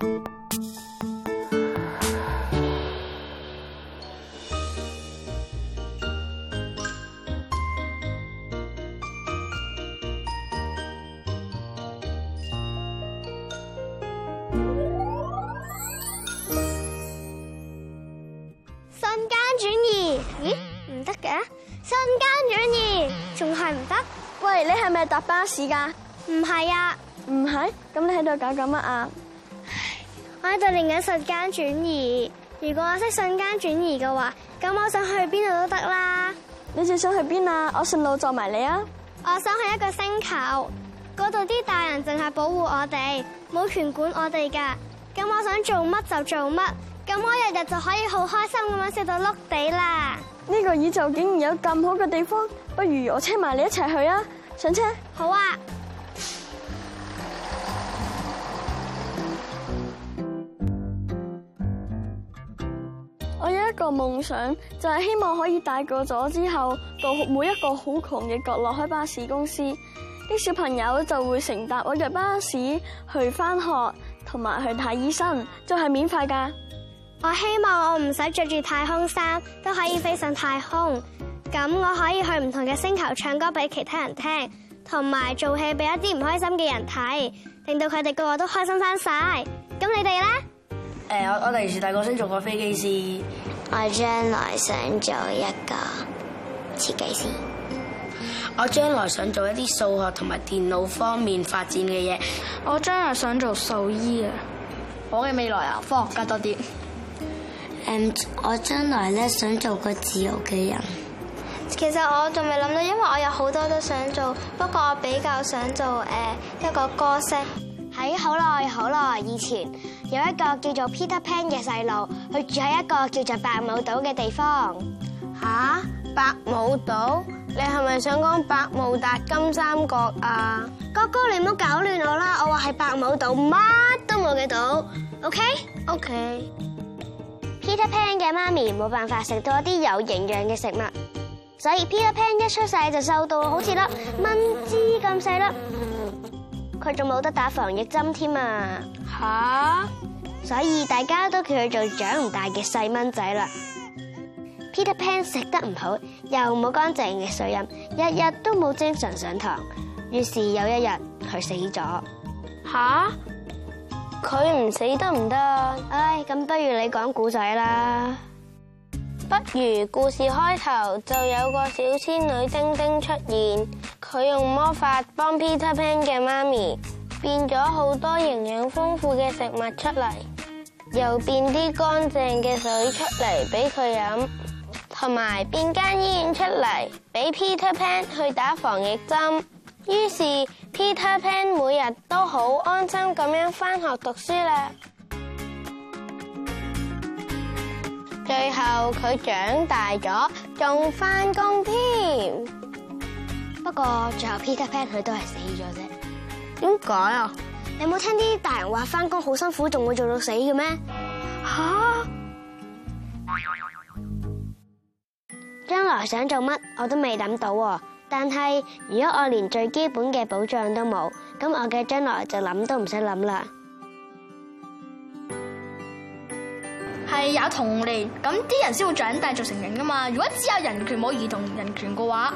瞬間轉移？咦，唔得嘅。瞬間轉移，仲係唔得？喂，你係咪搭巴士㗎？唔係啊，唔係。咁你喺度搞緊乜啊？我喺度練緊瞬間轉移，如果我識瞬間轉移嘅話，咁我想去邊度都得啦。你最想去邊啊？我順路撞埋你啊！我想去一個星球，嗰度啲大人淨係保護我哋，冇權管我哋噶。咁我想做乜就做乜，咁我日日就可以好開心咁樣笑到碌地啦。呢個宇宙竟然有咁好嘅地方，不如我車埋你一齊去啊，上車，好啊！一個夢想就係希望可以大個咗之後，到每一個好窮嘅角落開巴士公司，啲小朋友就會乘搭我嘅巴士去翻學，同埋去睇醫生，就係免費噶。我希望我唔使着住太空衫都可以飛上太空，咁我可以去唔同嘅星球唱歌俾其他人聽，同埋做戲俾一啲唔開心嘅人睇，令到佢哋個個都開心翻晒。咁你哋咧？誒，我我第時大個先做個飛機師。我將來想做一個設計師。我將來想做一啲數學同埋電腦方面發展嘅嘢。我將來想做獸醫啊！我嘅未來啊，科學家多啲。嗯，我將來咧想做個自由嘅人。其實我仲未諗到，因為我有好多都想做，不過我比較想做誒一個歌星。喺好耐好耐以前，有一個叫做 Peter Pan 嘅細路，佢住喺一個叫做百慕島嘅地方。吓，百慕島？你係咪想講百慕達金三角啊？哥哥，你唔好搞亂我啦！我話係百慕島，乜都冇嘅島。OK，OK 嗎。嗎 Peter Pan 嘅媽咪冇辦法食到一啲有營養嘅食物，所以 Peter Pan 一出世就瘦到好似粒蚊枝咁細粒。佢仲冇得打防疫針添啊！吓？所以大家都叫佢做長唔大嘅細蚊仔啦。Peter Pan 食得唔好，又冇乾淨嘅水飲，日日都冇精神上堂。於是有一日，佢死咗。吓，佢唔死得唔得？唉，咁不如你講古仔啦。不如故事開頭就有個小仙女丁丁出現，佢用魔法幫 Peter Pan 嘅媽咪變咗好多營養豐富嘅食物出嚟，又變啲乾淨嘅水出嚟俾佢飲，同埋變間醫院出嚟俾 Peter Pan 去打防疫針。於是 Peter Pan 每日都好安心咁樣翻學讀書啦。最後佢長大咗，仲翻工添。不過最後 Peter Pan 佢都係死咗啫。點解啊？你冇聽啲大人話翻工好辛苦，仲會做到死嘅咩？吓、啊！將來想做乜我都未諗到喎。但係如果我連最基本嘅保障都冇，咁我嘅將來就諗都唔使諗啦。係有童年，咁啲人先會長大做成人噶嘛。如果只有人權冇兒童人權嘅話，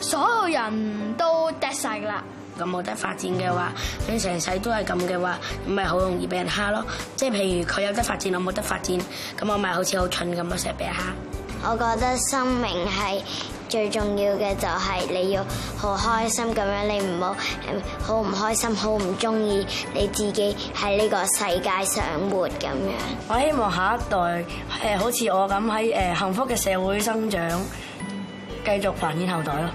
所有人都跌晒噶啦。咁冇得發展嘅話，佢成世都係咁嘅話，咪好容易俾人蝦咯。即係譬如佢有得發展，我冇得發展，咁我咪好似好蠢咁咯，成日俾人蝦。我覺得生命係。最重要嘅就係你要好開心咁樣，你唔好好唔開心、好唔鍾意你自己喺呢個世界上活咁樣。我希望下一代誒好似我咁喺誒幸福嘅社會生長，繼續繁衍後代咯。